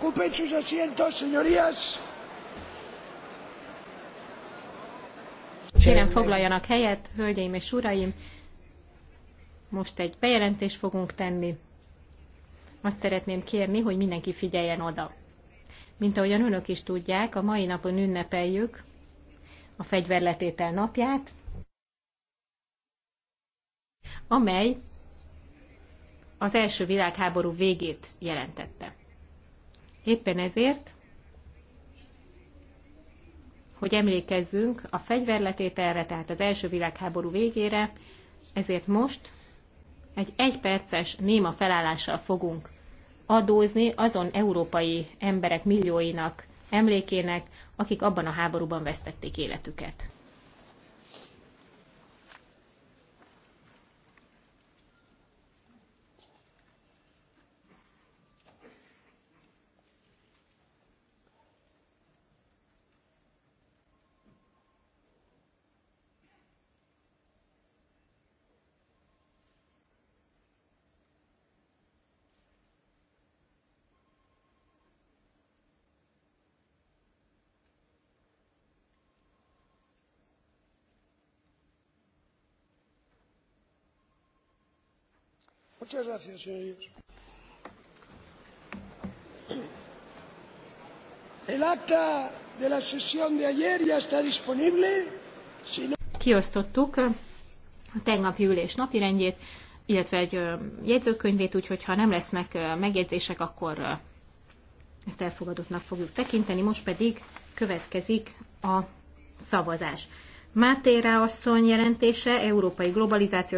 Ocupen sus asientos, señorías. Kérem foglaljanak helyet, hölgyeim és uraim. Most egy bejelentést fogunk tenni. Azt szeretném kérni, hogy mindenki figyeljen oda. Mint ahogyan önök is tudják, a mai napon ünnepeljük a fegyverletétel napját, amely az első világháború végét jelentette. Éppen ezért, hogy emlékezzünk a fegyverletételre, tehát az első világháború végére, ezért most egy egyperces néma felállással fogunk adózni azon európai emberek millióinak emlékének, akik abban a háborúban vesztették életüket. Muchas gracias, señorías. El acta de la sesión de ayer ya está disponible. Si no... Kiosztottuk a tegnapi ülés napirendjét, illetve egy jegyzőkönyvét, úgyhogy ha nem lesznek megjegyzések, akkor ezt elfogadottnak fogjuk tekinteni. Most pedig következik a szavazás. Máté asszony jelentése Európai Globalizációs